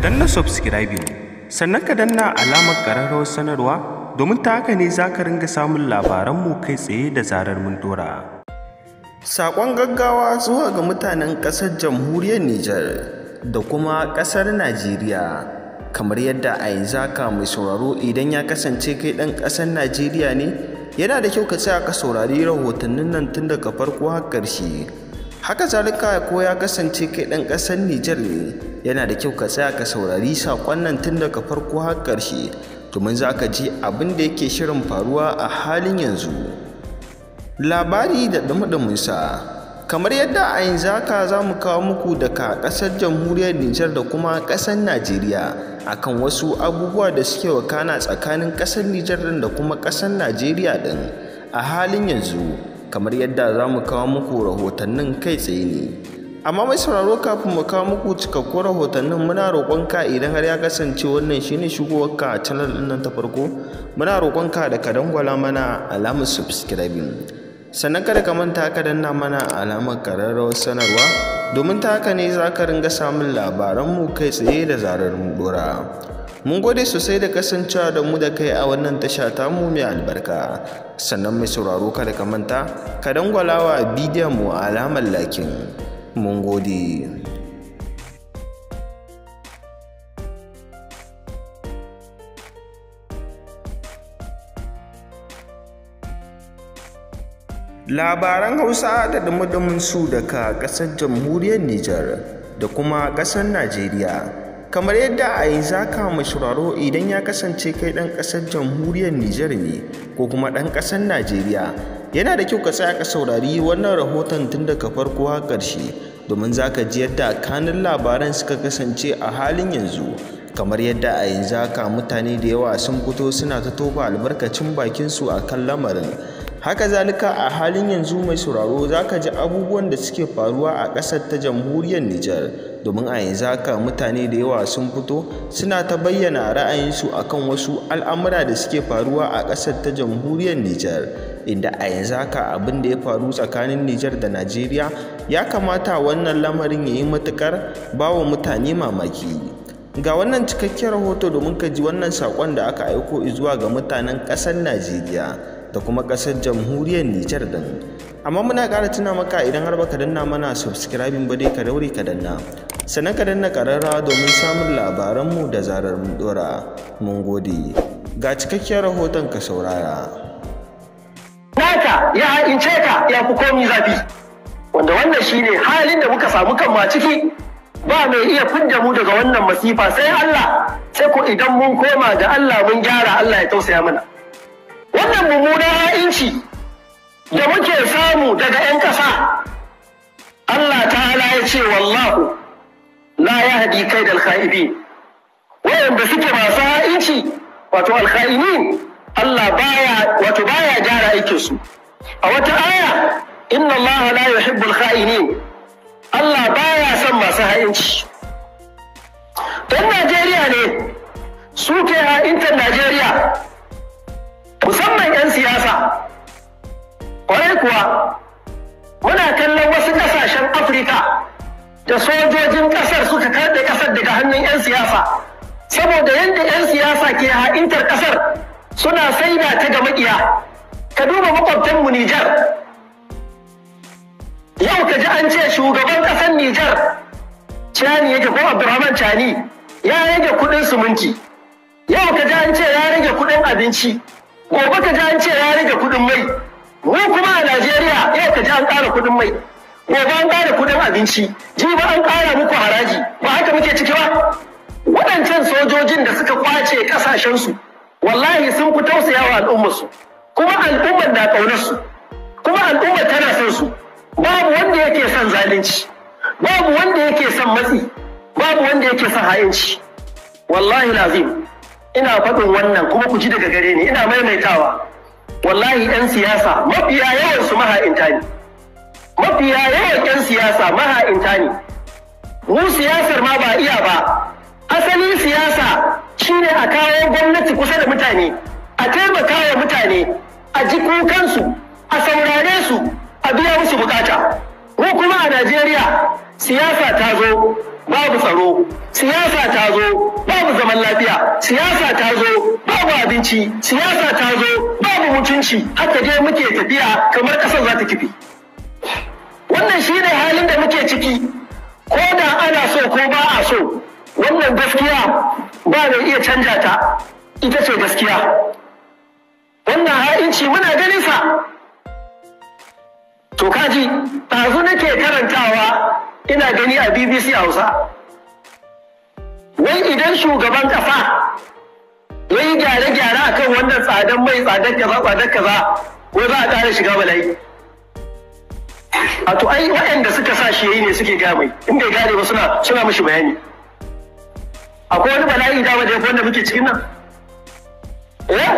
danna subscribing sannan ka danna alamar ƙararrawar sanarwa domin ta haka ne za ka ringa samun labaranmu kai tsaye da zarar mun dora. Saƙon gaggawa zuwa ga mutanen ƙasar jamhuriyar Nijar da kuma ƙasar Najeriya kamar yadda a yanzu aka mai sauraro idan ya kasance kai ɗan ƙasar Najeriya ne yana da kyau ka tsaya ka saurari rahotannin nan tun daga farko har ƙarshe. Haka zalika ko ya kasance kai ɗan ƙasar Nijar ne yana da kyau ka tsaya ka saurari saƙon nan tun daga farko har ƙarshe domin za ka ji abin da yake shirin faruwa a halin yanzu labari da ɗumuɗuminsa kamar yadda a yanzu haka za mu kawo muku daga ƙasar jamhuriyar nijar da kuma ƙasar najeriya akan wasu abubuwa da suke wakana tsakanin ƙasar nijar da kuma ƙasar najeriya ɗin a halin yanzu kamar yadda za mu kawo muku rahotannin kai tsaye ne amma mai sauraro kafin mu kawo muku cikakkun rahotannin muna roƙon ka idan har ya kasance wannan shine shigowar ka channel din nan ta farko muna roƙon ka da ka dangwala mana alamar subscribing sannan kada ka manta ka danna mana alamar kararrawar sanarwa domin ta haka ne za ka ringa samun labaranmu kai tsaye da zarar mu dora mun gode sosai da kasancewa da mu da kai a wannan tasha mu mai albarka sannan mai sauraro kada ka manta ka dangwala wa bidiyon mu alamar lakin mun gode labaran hausa da dumudumin su daga ƙasar jamhuriyar nijar da kuma ƙasar najeriya kamar yadda a yi zaka mashuraro idan ya kasance kai ɗan ƙasar jamhuriyar nijar ne ko kuma ɗan ƙasar najeriya yana da kyau ka tsaya ka saurari wannan rahoton tun daga farko har ƙarshe domin za ka ji yadda kanin labaran suka kasance a halin yanzu kamar yadda a yanzu haka mutane da yawa sun fito suna ta tofa albarkacin bakin su a kan lamarin haka zalika a halin yanzu mai sauraro za ka ji abubuwan da suke faruwa a ƙasar ta jamhuriyar nijar domin a yanzu haka mutane da yawa sun fito suna ta bayyana ra'ayinsu akan wasu al'amura da suke faruwa a ƙasar ta jamhuriyar nijar inda a yanzu haka abin da ya faru tsakanin Nijar da Najeriya ya kamata wannan lamarin ya yi matuƙar ba mutane mamaki. Ga wannan cikakken rahoto domin ka ji wannan saƙon da aka aiko zuwa ga mutanen ƙasar Najeriya da kuma ƙasar jamhuriyar Nijar din. Amma muna ƙara tuna maka idan har baka danna mana subscribing ba dai ka daure ka danna. Sannan ka danna ƙararrawa domin samun labaranmu da zarar mu ɗora. Mun gode. Ga cikakken rahoton ka saurara. ka ya ha'ince ka ya fi komi zafi wanda wannan shine halin da muka samu kan ma ciki ba mai iya fidda mu daga wannan masifa sai Allah sai ko idan mun koma ga Allah mun gyara Allah ya tausaya mana wannan mummunan ha'inci da muke samu daga 'yan ƙasa Allah ta'ala ya ce wallahu la yahdi kaidal kha'ibin wayanda suke masu ha'inci wato alkha'inin Allah baya wato baya gyara aikin su a wata aya inna Allah la yuhibbul kha'ini. Allah baya son masu ha'inci Don Najeriya ne su ke ha'intar Najeriya musamman 'yan siyasa kwarai kuwa muna kallon wasu ƙasashen Afirka da sojojin ƙasar suka karɓe ƙasar daga hannun 'yan siyasa saboda yadda 'yan siyasa ke ha'intar ƙasar suna saida ta ga makiya ka duba makwabtan mu Nijar yau ka ji an ce shugaban ƙasar Nijar Chani yake ko Abdurrahman Cani ya rage kuɗin suminti yau ka ji an ce ya rage kuɗin abinci gobe ka ji an ce ya rage kuɗin mai mu kuma a Najeriya yau ka ji an ƙara kuɗin mai gobe an ƙara kuɗin abinci Ji ba an ƙara muku haraji ba haka muke ciki ba waɗancan sojojin da suka kwace ƙasashensu wallahi sun fi tausayawa al'ummarsu kuma al'ummar na ƙaunarsu kuma al'ummar tana son su babu wanda yake son zalunci babu wanda yake son matsi babu wanda yake son ha'inci wallahi lazim ina faɗin wannan kuma ku ji daga gare ni ina maimaitawa wallahi 'yan siyasa mafiya yawan su maha'inta ne mafiya yawan 'yan siyasa maha'inta ne mu siyasar ma ba iya ba asalin siyasa shine a kawo gwamnati kusa da mutane a taimaka wa mutane a ji kukansu a saurare su a biya musu bukata ko kuma a najeriya siyasa ta zo babu tsaro siyasa ta zo babu zaman lafiya siyasa ta zo babu abinci siyasa ta zo babu mutunci haka dai muke tafiya kamar ƙasar za ta kifi wannan shine halin da muke ciki ko da ana so ko ba a so wannan gaskiya ba da iya canja ta ita ce gaskiya wannan ha'inci muna ganin sa to kaji ɗazu nake karantawa ina gani a bbc hausa wai idan shugaban ƙasa ya yi gyare-gyare akan wannan tsadan mai tsadan kaza tsadan kaza wai za a ƙara shiga bala'i a to ai waɗanda suka sa shi yayi ne suke gamai, inda in bai gane ba suna suna mishi bayani akwai wani bala'i da waje wanda muke cikin nan eh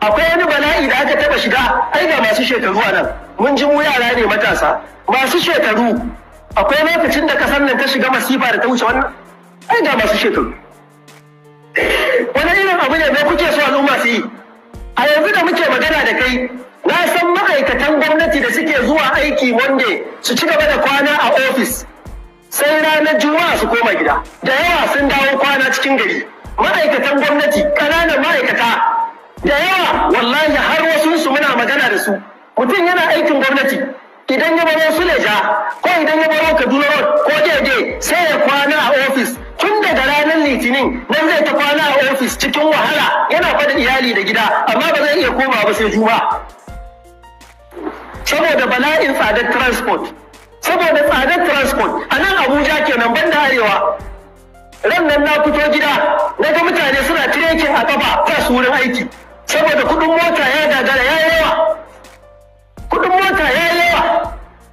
akwai wani bala'i da aka taba shiga ai ga masu shekaru a nan mun ji mu yara ne matasa masu shekaru akwai lokacin da kasan nan ta shiga masifa da ta wuce wannan ai ga masu shekaru wani irin abu ne mai kuke so al'umma su yi a yanzu da muke magana da kai na san ma'aikatan gwamnati da suke zuwa aiki wanda su ci gaba da kwana a ofis sai ranar juma'a su koma gida da yawa sun dawo kwana cikin gari ma'aikatan gwamnati ƙananan ma'aikata da yawa wallahi har wasu su muna magana da su mutum yana aikin gwamnati idan ya baro suleja ko idan ya baro kaduna road ko jeje sai ya kwana a ofis tun daga ranar litinin nan zai ta kwana a ofis cikin wahala yana fada iyali da gida amma ba zai iya koma ba sai juma saboda bala'in tsadar transport saboda tsadar transport a nan abuja kenan ban da arewa ran nan na fito gida na ga mutane suna tirekin a kafa ta su wurin aiki saboda kudin mota ya gagara ya yawa kudin mota ya yawa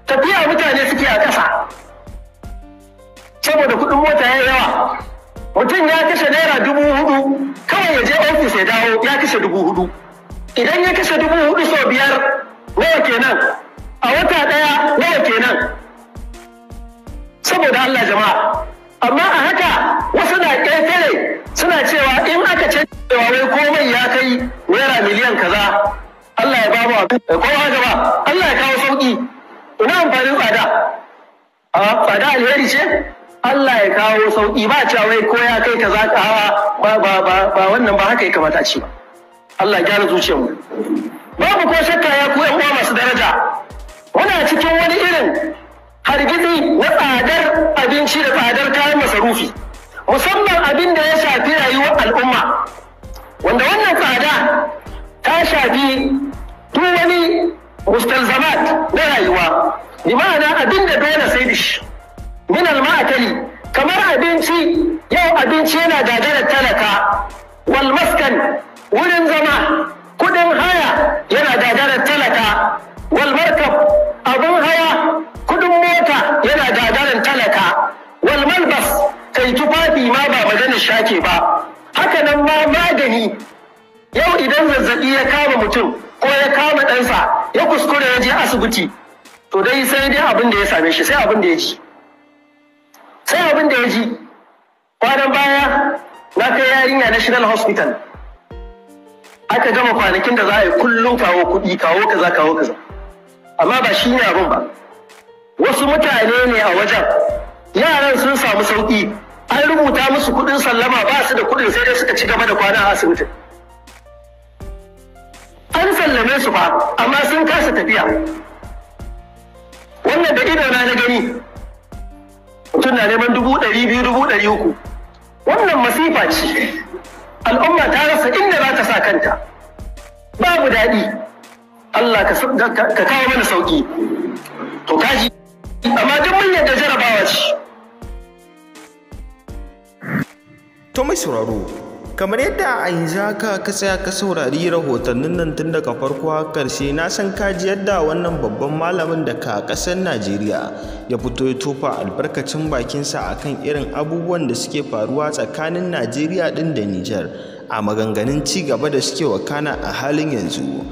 tafiya mutane suke a ƙasa saboda kudin mota ya yawa mutum ya kashe naira dubu hudu kawai ya je ofis ya dawo ya kashe dubu hudu idan ya kashe dubu hudu sau biyar nawa kenan a wata ɗaya saboda Allah jama'a amma a haka wasu na ƙetare suna cewa in aka ce cewa wai komai ya kai naira miliyan kaza Allah ya ba mu kowa gaba Allah ya kawo sauki ina amfanin tsada a tsada alheri ce Allah ya kawo sauki ba cewa wai ko ya kai kaza hawa ba ba ba ba wannan ba haka ya kamata ce ba Allah ya gyara zuciyarmu babu ko shakka ya ku yan uwa masu daraja muna cikin wani irin hargitsi na tsadar abinci da tsadar kayan masarufi musamman abin da ya shafi rayuwar al'umma wanda wannan tsada ta shafi duk wani mustalzamat na rayuwa bi ma'ana abin da dole sai da shi min al kamar abinci yau abinci yana gagarar talaka wal maskan wurin zama kudin haya yana gagarar talaka wal markab abun haya ka yana gagarin talaka wal bas kai tufafi ma ba magana shake ba haka nan ma magani yau idan zazzabi ya kama mutum ko ya kama ɗansa ya kuskure ya je asibiti to dai sai dai abin da ya same shi sai abin da ya ji sai abin da ya ji kwanan baya na kai yarinya national hospital aka gama kwanakin da za a yi kullum kawo kuɗi kawo kaza kawo kaza amma ba shi ne abin ba wasu mutane ne a wajen yaran sun samu sauki an rubuta musu kuɗin sallama ba su da kuɗin sai dai suka ci gaba da kwana a asibitin an sallame su ba amma sun kasa tafiya wannan da idona na gani mutum na neman dubu ɗari biyu dubu ɗari uku wannan masifa ce al'umma ta rasa inda za ta sa kanta babu daɗi Allah ka kawo mana sauƙi to kaji amma duk mun yadda jarabawa ce to mai sauraro kamar yadda a yanzu haka ka tsaya ka saurari rahotannin nan tun daga farko har karshe na san ka ji yadda wannan babban malamin da ka ƙasar najeriya ya fito ya tofa albarkacin bakinsa akan irin abubuwan da suke faruwa tsakanin najeriya ɗin da nijar a maganganun ci gaba da suke wakana a halin yanzu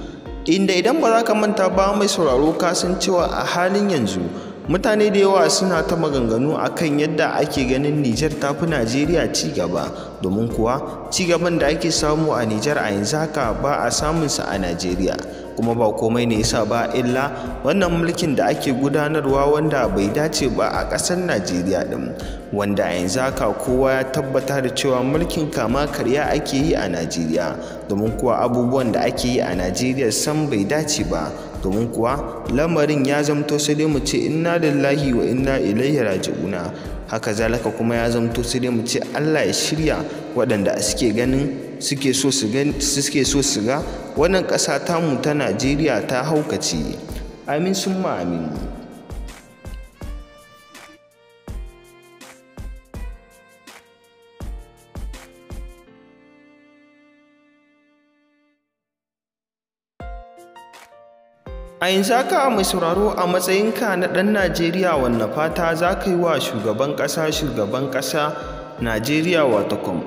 inda idan ba za ka manta ba mai sauraro ka cewa a halin yanzu mutane da yawa suna ta maganganu kan yadda ake ganin Nijar tafi Najeriya ci gaba domin kuwa ci gaban da ake samu a Nijar a yanzu haka ba a samunsa a Najeriya kuma ba komai ne yasa ba illa wannan mulkin da ake gudanarwa wanda bai dace ba a ƙasar Najeriya din wanda a yanzu haka kowa ya tabbata da cewa mulkin kama karya ake yi a Najeriya domin kuwa abubuwan da ake yi a Najeriya sam bai dace ba domin kuwa lamarin ya zamto sai dai mu ce inna lillahi wa inna ilaihi raji'una haka zalaka kuma ya zamto sai dai mu ce Allah ya shirya waɗanda suke ganin suke so su suke so su ga wannan ƙasa tamu ta Najeriya ta haukace amin summa amin A yanzu haka mai sauraro a matsayinka na ɗan Najeriya wanda fata za ka yi wa shugaban ƙasa shugaban ƙasa Najeriya watakwam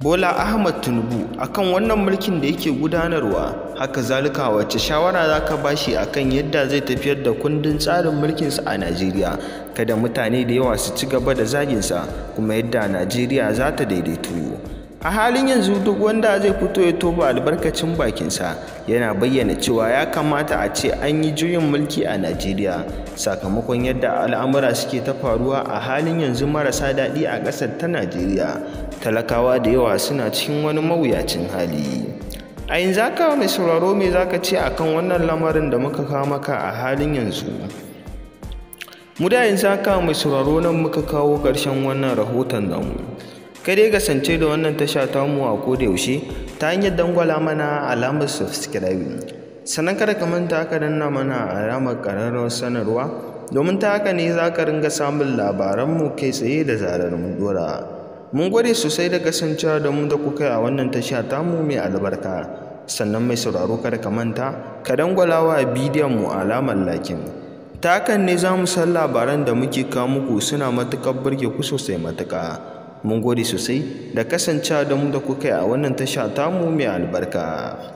Bola Ahmad Tunubu akan wannan mulkin da yake gudanarwa haka zalika wacce shawara za ka bashi akan yadda zai tafiyar da kundin tsarin mulkinsa a Najeriya kada mutane da yawa su ci gaba da zaginsa kuma yadda Najeriya za ta daidaito. a halin yanzu duk wanda zai fito ya toba albarkacin bakinsa yana bayyana cewa ya kamata a ce an yi juyin mulki a najeriya sakamakon yadda al'amura suke ta faruwa a halin yanzu marasa daɗi a ƙasar ta najeriya talakawa da yawa suna cikin wani mawuyacin hali a yanzu haka mai sauraro me zaka ce akan wannan lamarin da muka kawo maka a halin yanzu mu da yanzu haka mai sauraro nan muka kawo ƙarshen wannan rahoton namu kai dai kasance da wannan tasha ta mu a yaushe ta hanyar dangwala mana alamar subscribe sannan kada ka manta ka danna mana alamar ƙararrawar sanarwa domin ta haka ne za ka ringa samun labaranmu kai tsaye da zarar mun dora mun gwade sosai da kasancewa da mu da kuka a wannan tasha mu mai albarka sannan mai sauraro kada ka manta ka dangwala wa bidiyon mu alamar lakin ta hakan ne za mu san labaran da muke kawo muku suna matuƙar burge ku sosai matuƙa mun gode sosai da kasancewa da mu da kuka yi a wannan tasha tamu mai albarka